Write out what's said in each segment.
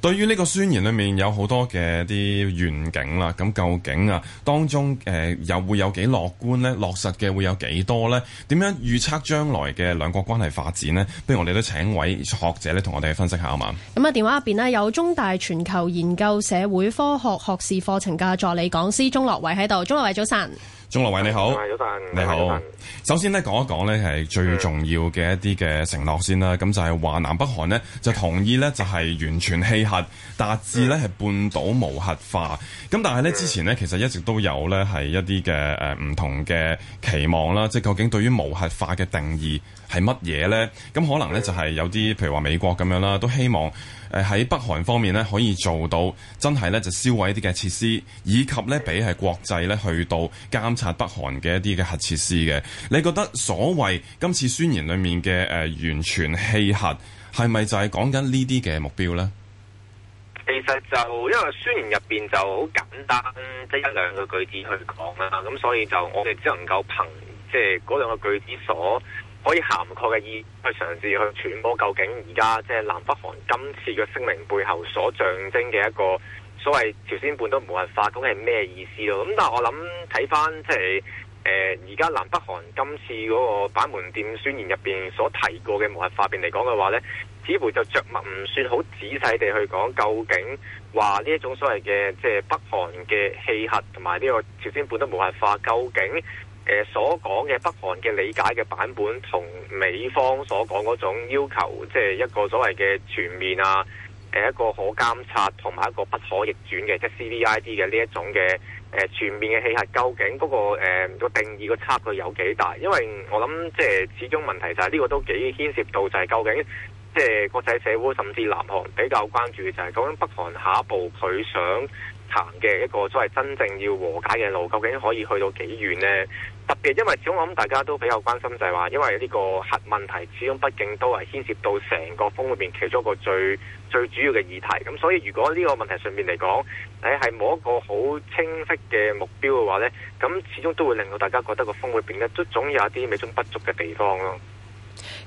對於呢個宣言裏面有好多嘅啲願景啦，咁究竟啊當中誒又、呃、會有幾樂觀呢？落實嘅會有幾多，多呢？點樣預測將來嘅兩國關係發展呢？不如我哋都請位學者咧同我哋分析下啊嘛。咁啊，電話入邊呢，有中大全球研究社會科學學士課程嘅助理講師鍾樂偉喺度，鍾樂偉早晨。鍾樂偉你好，你好。首先咧講一講咧係最重要嘅一啲嘅承諾先啦。咁就係話南北韓呢，就同意呢，就係、是、完全棄核，達至呢係半島無核化。咁但係呢，之前呢，其實一直都有咧係一啲嘅誒唔同嘅期望啦。即係究竟對於無核化嘅定義係乜嘢呢？咁可能呢，就係有啲，譬如話美國咁樣啦，都希望誒喺北韓方面呢，可以做到真係呢，就銷毀一啲嘅設施，以及呢，俾係國際呢，去到監察北韓嘅一啲嘅核設施嘅。你覺得所謂今次宣言裡面嘅誒、呃、完全棄核係咪就係講緊呢啲嘅目標呢？其實就因為宣言入邊就好簡單，即、就是、一兩個句子去講啦，咁所以就我哋只能夠憑即嗰、就是、兩個句子所可以涵括嘅意去嘗試去傳播究竟而家即係南北韓今次嘅聲明背後所象徵嘅一個所謂朝鮮半島無核化，究竟係咩意思咯？咁但係我諗睇翻即係誒而家南北韓今次嗰個板門店宣言入邊所提過嘅無核化辯嚟講嘅話咧，似乎就着墨唔算好仔細地去講究竟話呢一種所謂嘅即係北韓嘅氣核同埋呢個朝鮮半島無核化究竟？誒、呃、所講嘅北韓嘅理解嘅版本，同美方所講嗰種要求，即係一個所謂嘅全面啊，誒、呃、一個可監察同埋一個不可逆轉嘅即係 CVID 嘅呢一種嘅誒、呃、全面嘅棄核，究竟嗰、那個誒個、呃、定義個差距有幾大？因為我諗即係始終問題就係、是、呢、這個都幾牽涉到就係、是、究竟即係國際社會甚至南韓比較關注就係、是、究竟北韓下一步佢想行嘅一個所謂真正要和解嘅路，究竟可以去到幾遠呢？特別因為始終我諗大家都比較關心，就係話因為呢個核問題，始終畢竟都係牽涉到成個峯裏面其中一個最最主要嘅議題。咁所以如果呢個問題上面嚟講，你係冇一個好清晰嘅目標嘅話呢，咁始終都會令到大家覺得個峯裏邊呢，都總有一啲美中不足嘅地方咯。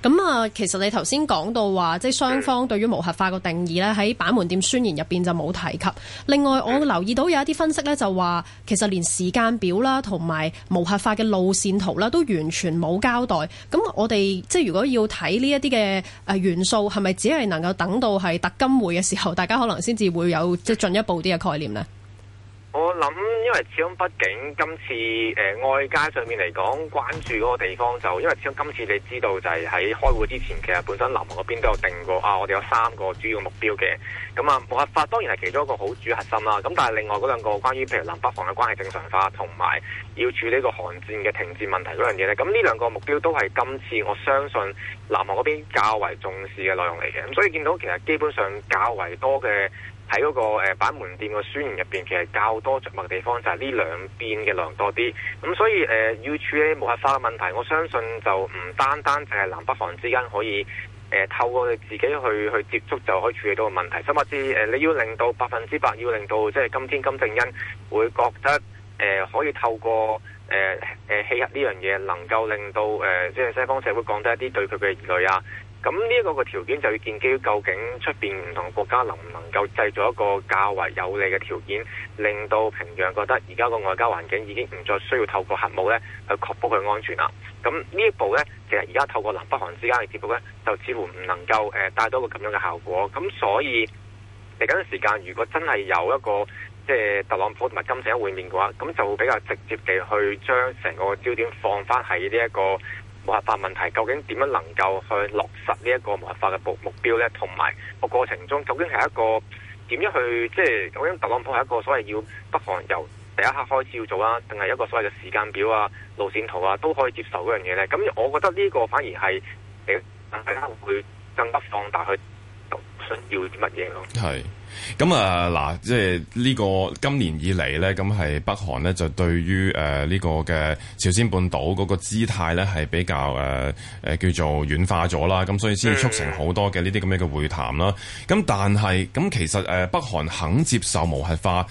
咁啊，其實你頭先講到話，即係雙方對於無核化個定義咧，喺板門店宣言入邊就冇提及。另外，我留意到有一啲分析咧，就話其實連時間表啦，同埋無核化嘅路線圖啦，都完全冇交代。咁我哋即係如果要睇呢一啲嘅誒元素，係咪只係能夠等到係特金會嘅時候，大家可能先至會有即係進一步啲嘅概念呢？我諗，因為始終畢竟今次誒外界上面嚟講，關注嗰個地方就因為始終今次你知道就係喺開會之前，其實本身南韓嗰邊都有定過啊，我哋有三個主要目標嘅。咁啊，無核化當然係其中一個好主要核心啦。咁但係另外嗰兩個關於譬如南北方嘅關係正常化，同埋要處理個韓戰嘅停戰問題嗰樣嘢咧，咁呢兩個目標都係今次我相信南韓嗰邊較為重視嘅內容嚟嘅。咁所以見到其實基本上較為多嘅。喺嗰個誒板門店個宣言入邊，其實較多著墨嘅地方就係、是、呢兩邊嘅量多啲。咁所以誒、呃、要處理無核化嘅問題，我相信就唔單單淨係南北韓之間可以誒、呃、透過自己去去接觸就可以處理到個問題。甚或至誒你要令到百分之百要令到即係今天金正恩會覺得誒、呃、可以透過誒誒、呃呃、棄核呢樣嘢能夠令到誒、呃、即係西方社會降低一啲對佢嘅疑慮啊。咁呢一個個條件就要建基於究竟出邊唔同國家能唔能夠製造一個較為有利嘅條件，令到平壤覺得而家個外交環境已經唔再需要透過核武咧去確保佢安全啦。咁呢一步呢，其實而家透過南北韓之間嘅接觸呢，就似乎唔能夠誒、呃、帶到個咁樣嘅效果。咁所以嚟緊嘅時間，如果真係有一個即係特朗普同埋金正恩會面嘅話，咁就比較直接地去將成個焦點放翻喺呢一個。冇核化問題究竟點樣能夠去落實呢一個冇核化嘅目目標呢？同埋個過程中究竟係一個點樣去即係究竟，特朗普係一個所謂要北韓由第一刻開始要做啊，定係一個所謂嘅時間表啊、路線圖啊都可以接受嗰樣嘢呢？咁我覺得呢個反而係誒大家會更加放大去。需要啲乜嘢咯？係咁啊！嗱，即係呢個今年以嚟咧，咁係北韓咧就對於誒呢、呃這個嘅朝鮮半島嗰個姿態咧係比較誒誒、呃、叫做軟化咗啦。咁所以先促成好多嘅呢啲咁樣嘅會談啦。咁、嗯、但係咁其實誒北韓肯接受無核化。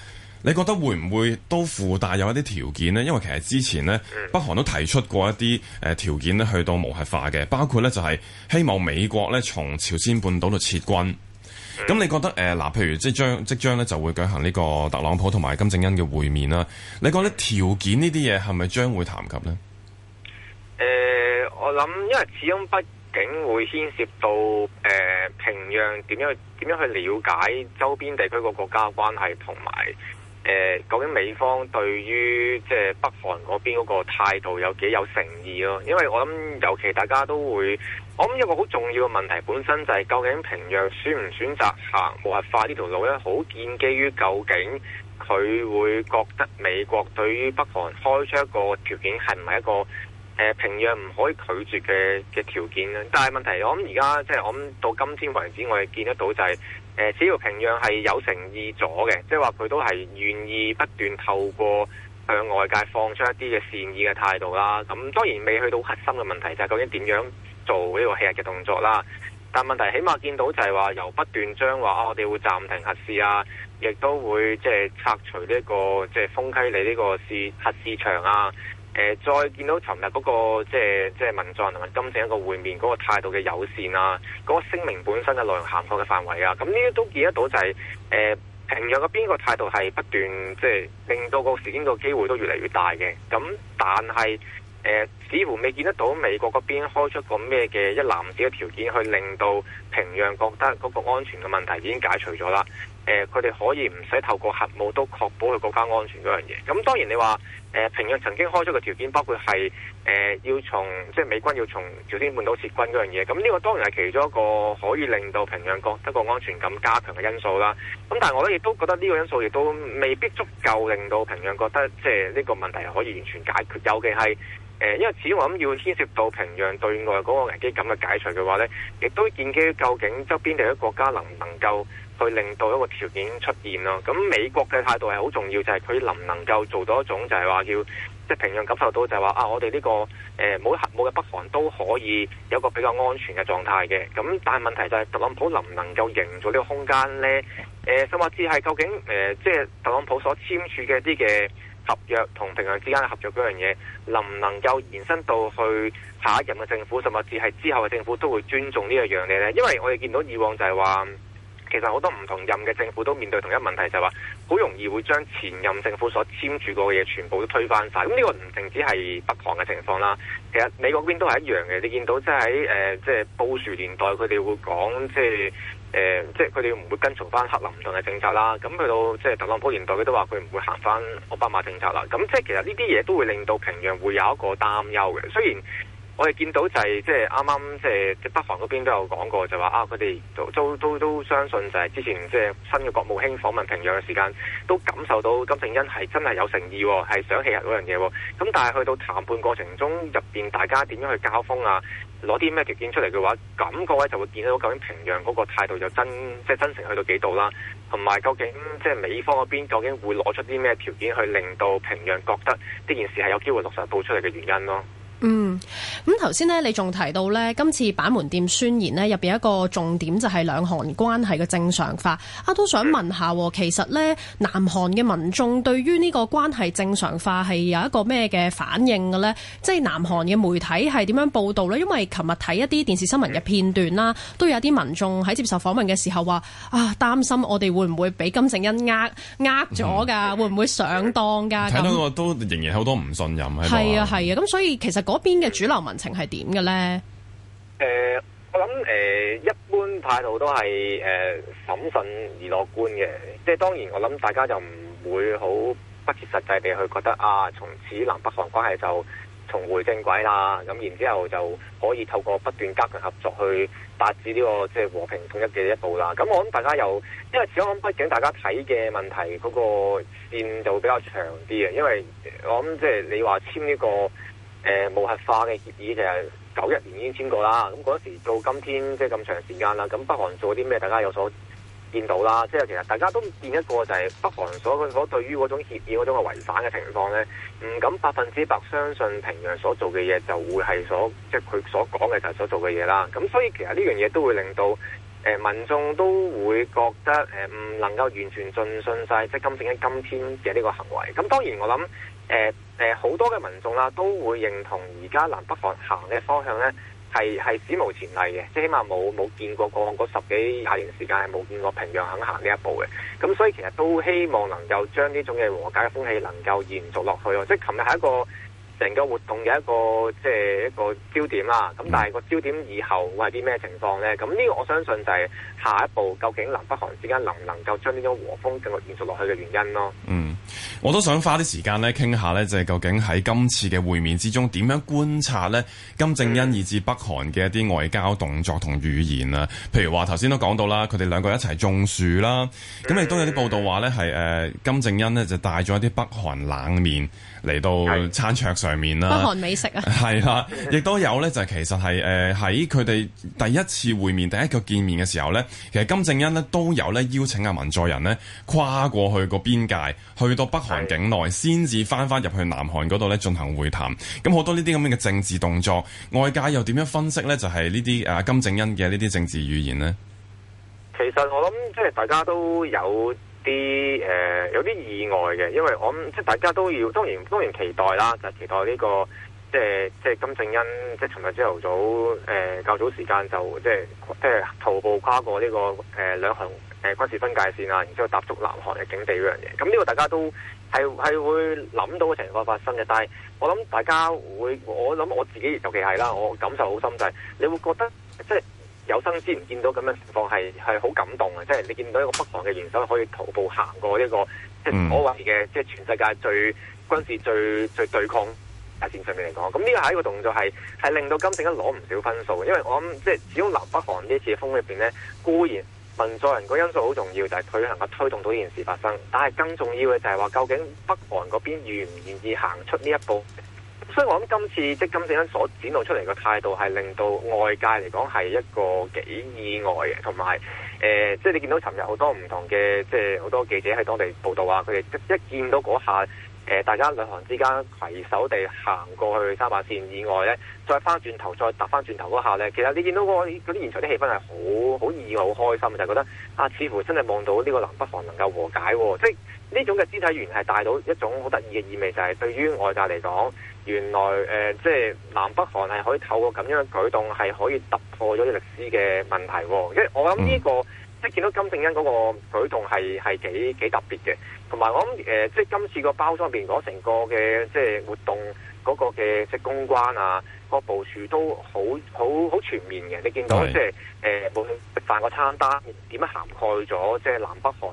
你覺得會唔會都附帶有一啲條件呢？因為其實之前呢，嗯、北韓都提出過一啲誒、呃、條件呢，去到無核化嘅，包括呢就係、是、希望美國呢從朝鮮半島度撤軍。咁、嗯、你覺得誒嗱、呃，譬如即將即將呢就會舉行呢個特朗普同埋金正恩嘅會面啦。你覺得你條件呢啲嘢係咪將會談及呢？誒、呃，我諗，因為始終畢竟會牽涉到誒、呃、平壤點樣點樣去了解周邊地區個國家關係同埋。誒、呃，究竟美方對於即係北韓嗰邊嗰個態度有幾有誠意咯、啊？因為我諗，尤其大家都會，我諗一個好重要嘅問題，本身就係、是、究竟平壤選唔選擇行無核化呢條路咧，好建基於究竟佢會覺得美國對於北韓開出一個條件係唔係一個誒、呃、平壤唔可以拒絕嘅嘅條件咧、啊？但係問題，我諗而家即係我諗到今天為止，我哋見得到就係、是。誒，只要、呃、平壤係有誠意咗嘅，即係話佢都係願意不斷透過向外界放出一啲嘅善意嘅態度啦。咁、嗯、當然未去到核心嘅問題就係、是、究竟點樣做呢個棄核嘅動作啦。但問題起碼見到就係話由不斷將話、啊、我哋會暫停核試啊，亦都會即係拆除呢、這個即係豐溪里呢個試核試場啊。誒、呃，再見到尋日嗰個即係即係文在寅同金正一個會面嗰個態度嘅友善啊，嗰、那個聲明本身嘅內容涵蓋嘅範圍啊，咁呢啲都見得到就係、是、誒、呃、平壤嗰邊個態度係不斷即係令到個時機個機會都越嚟越大嘅，咁、嗯、但係誒、呃、似乎未見得到美國嗰邊開出個咩嘅一籃子嘅條件去令到平壤覺得嗰個安全嘅問題已經解除咗啦。誒，佢哋、呃、可以唔使透過核武都確保佢國家安全嗰樣嘢。咁、嗯、當然你話，誒、呃、平壤曾經開咗個條件包括係，誒、呃、要從即係美軍要從朝鮮半島撤軍嗰樣嘢。咁、嗯、呢、這個當然係其中一個可以令到平壤覺得個安全感加強嘅因素啦。咁、嗯、但係我咧亦都覺得呢個因素亦都未必足夠令到平壤覺得即係呢個問題可以完全解決。尤其係，誒、呃、因為始終我諗要牽涉到平壤對外嗰個危機感嘅解除嘅話咧，亦都建基於究竟周邊啲國家能唔能夠？去令到一個條件出現咯，咁美國嘅態度係好重要，就係、係、佢能唔能夠做到一種就係話，要即係平壤感受到就係話啊，我哋呢、呢個誒冇、呃、核冇嘅北韓都可以有個比較安全嘅狀態嘅。咁但係問題就係、係、特朗普能唔能夠營造呢個空間咧？誒、呃，甚至係究竟誒、呃、即係特朗普所簽署嘅一啲嘅合約同平壤之間嘅合約嗰樣嘢，能唔能夠延伸到去下一任嘅政府，甚至係之後嘅政府都會尊重個呢一樣嘢咧？因為我哋見到以往就係話，其實好多唔同任嘅政府都面對同一問題，就係話好容易會將前任政府所簽署過嘅嘢全部都推翻晒。咁呢個唔淨止係北韓嘅情況啦，其實美國邊都係一樣嘅。你見到即係喺誒即係布殊年代，佢哋會講即係誒即係佢哋唔會跟從翻克林頓嘅政策啦。咁去到即係特朗普年代，佢都話佢唔會行翻奧巴馬政策啦。咁即係其實呢啲嘢都會令到平壤會有一個擔憂嘅。雖然。我哋見到就係即係啱啱即係北韓嗰邊都有講過就、啊，就話啊佢哋都都都都相信就係之前即係新嘅國務卿訪問平壤嘅時間，都感受到金正恩係真係有誠意、哦，係想棄核嗰樣嘢、哦。咁但係去到談判過程中入邊，大家點樣去交鋒啊？攞啲咩條件出嚟嘅話，感覺呢就會見到究竟平壤嗰個態度又真即係、就是、真誠去到幾度啦。同埋究竟即係美方嗰邊究竟會攞出啲咩條件去令到平壤覺得呢件事係有機會落實報出嚟嘅原因咯？嗯，咁頭先咧，你仲提到咧，今次板門店宣言咧入邊一個重點就係兩韓關係嘅正常化。啊，都想問下，其實咧，南韓嘅民眾對於呢個關係正常化係有一個咩嘅反應嘅咧？即係南韓嘅媒體係點樣報道咧？因為琴日睇一啲電視新聞嘅片段啦，都有啲民眾喺接受訪問嘅時候話啊，擔心我哋會唔會俾金正恩呃呃咗噶，嗯、會唔會上當噶？睇到我都仍然好多唔信任係啊係啊，咁、啊啊、所以其實。嗰邊嘅主流民情係點嘅呢？誒、呃，我諗誒、呃，一般態度都係誒審慎而樂觀嘅。即係當然，我諗大家就唔會好不切實際地去覺得啊，從此南北韓關係就重回正軌啦。咁然之後就可以透過不斷加強合作去達至呢、這個即係和平統一嘅一步啦。咁我諗大家又因為此番背景始終畢竟，大家睇嘅問題嗰、那個線就會比較長啲嘅，因為我諗即係你話簽呢、這個。誒、呃、無核化嘅協議就係九一年已經簽過啦，咁、嗯、嗰時到今天即係咁長時間啦，咁北韓做啲咩大家有所見到啦，即係其實大家都見一個就係北韓所所對於嗰種協議嗰種嘅違反嘅情況咧，唔敢百分之百相信平壤所做嘅嘢就會係所即係佢所講嘅就係所做嘅嘢啦，咁所以其實呢樣嘢都會令到。誒、呃，民眾都會覺得誒，唔、呃、能夠完全盡信晒，即係金正恩今天嘅呢個行為。咁、嗯、當然我，我諗誒誒，好、呃、多嘅民眾啦、啊，都會認同而家南北韓行嘅方向咧，係係史無前例嘅，即係起碼冇冇見過過往十幾廿年時間係冇見過平壤肯行呢一步嘅。咁、嗯、所以其實都希望能夠將呢種嘅和解嘅風氣能夠延續落去咯、嗯，即係琴日係一個。成個活動嘅一個即係、呃、一個焦點啦，咁但係個焦點以後會係啲咩情況呢？咁呢個我相信就係下一步究竟南北韓之間能唔能夠將呢種和風繼續延續落去嘅原因咯。嗯，我都想花啲時間咧傾下呢就係究竟喺今次嘅會面之中點樣觀察呢、呃，金正恩以至北韓嘅一啲外交動作同語言啊，譬如話頭先都講到啦，佢哋兩個一齊種樹啦，咁亦都有啲報道話呢係誒金正恩呢就帶咗一啲北韓冷麵嚟到餐桌上。上面啦，北韓美食啊，係啦、 啊，亦都有咧，就係、是、其實係誒喺佢哋第一次會面，第一個見面嘅時候咧，其實金正恩咧都有咧邀請阿文在寅呢跨過去個邊界，去到北韓境內，先至翻翻入去南韓嗰度咧進行會談。咁好多呢啲咁樣嘅政治動作，外界又點樣分析咧？就係呢啲誒金正恩嘅呢啲政治語言呢。其實我諗，即係大家都有。啲誒、呃、有啲意外嘅，因為我即係大家都要，當然當然期待啦，就係、是、期待呢、這個、呃、即係即係金正恩即係尋日朝頭早誒、呃、較早時間就即係即係徒步跨過呢、這個誒兩韓誒軍事分界線啊，然之後踏足南韓嘅境地嗰樣嘢。咁、嗯、呢、這個大家都係係會諗到嘅情況發生嘅，但係我諗大家會，我諗我自己尤其係啦，我感受好深，就是、你會覺得即係。有生之年見到咁嘅情況係係好感動嘅，即係你見到一個北韓嘅元首可以徒步行過一個、嗯、即係所謂嘅即係全世界最軍事最最對抗大戰上面嚟講，咁呢個係一個動作係係令到金正恩攞唔少分數，因為我諗即係始終南北韓呢次嘅風入邊呢，固然文在寅個因素好重要，就係、是、佢能夠推動到呢件事發生，但係更重要嘅就係話究竟北韓嗰邊願唔願意行出呢一步？所以我諗今次即係金正恩所展露出嚟嘅態度係令到外界嚟講係一個幾意外嘅，同埋誒，即係你見到尋日好多唔同嘅，即係好多記者喺當地報道啊，佢哋一見到嗰下。誒、呃，大家兩韓之間攜手地行過去三八線以外呢，再翻轉頭，再搭翻轉頭嗰下呢，其實你見到嗰啲現場啲氣氛係好好熱鬧、好開心，就係覺得啊，似乎真係望到呢個南北韓能夠和解，喔，即係呢種嘅肢體原來係帶到一種好得意嘅意味，就係、是、對於外界嚟講，原來誒、呃，即係南北韓係可以透過咁樣嘅舉動係可以突破咗啲歷史嘅問題，喔，因為我諗呢、這個。嗯即係見到金正恩嗰個舉動係係幾幾特別嘅，同埋我諗誒，即、呃、係今次個包裝入邊嗰成個嘅即係活動嗰個嘅即公關啊，嗰、那個、部署都好好好全面嘅。你見到即係誒，無食對、呃、飯個餐單點樣涵蓋咗即係南北韓誒，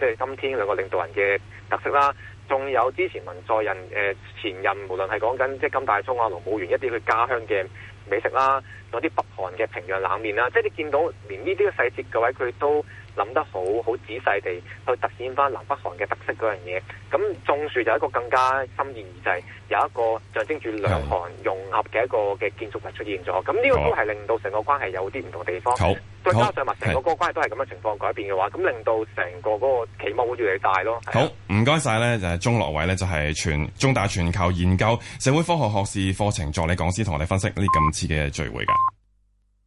即、呃、係今天兩個領導人嘅特色啦，仲有之前文在寅誒、呃、前任，無論係講緊即係金大中啊、盧武鉉一啲佢家鄉嘅美食啦，有啲北韓嘅平壤冷麵啦，即係你見到連呢啲嘅細節嘅位佢都。諗得好，好仔細地去突顯翻南北韓嘅特色嗰樣嘢，咁種樹就一個更加深意而製，就係、有一個象徵住兩韓融合嘅一個嘅建築物出現咗，咁呢個都係令到成個關係有啲唔同地方，再、啊、加上埋成個嗰個關係都係咁嘅情況好改變嘅話，咁是令到成個嗰個期望會越嚟越大咯。好，唔該晒咧，謝謝中就係鍾樂偉咧，就係全中大全球研究社會科學學士課程助理講師，同我哋分析呢咁次嘅聚會噶。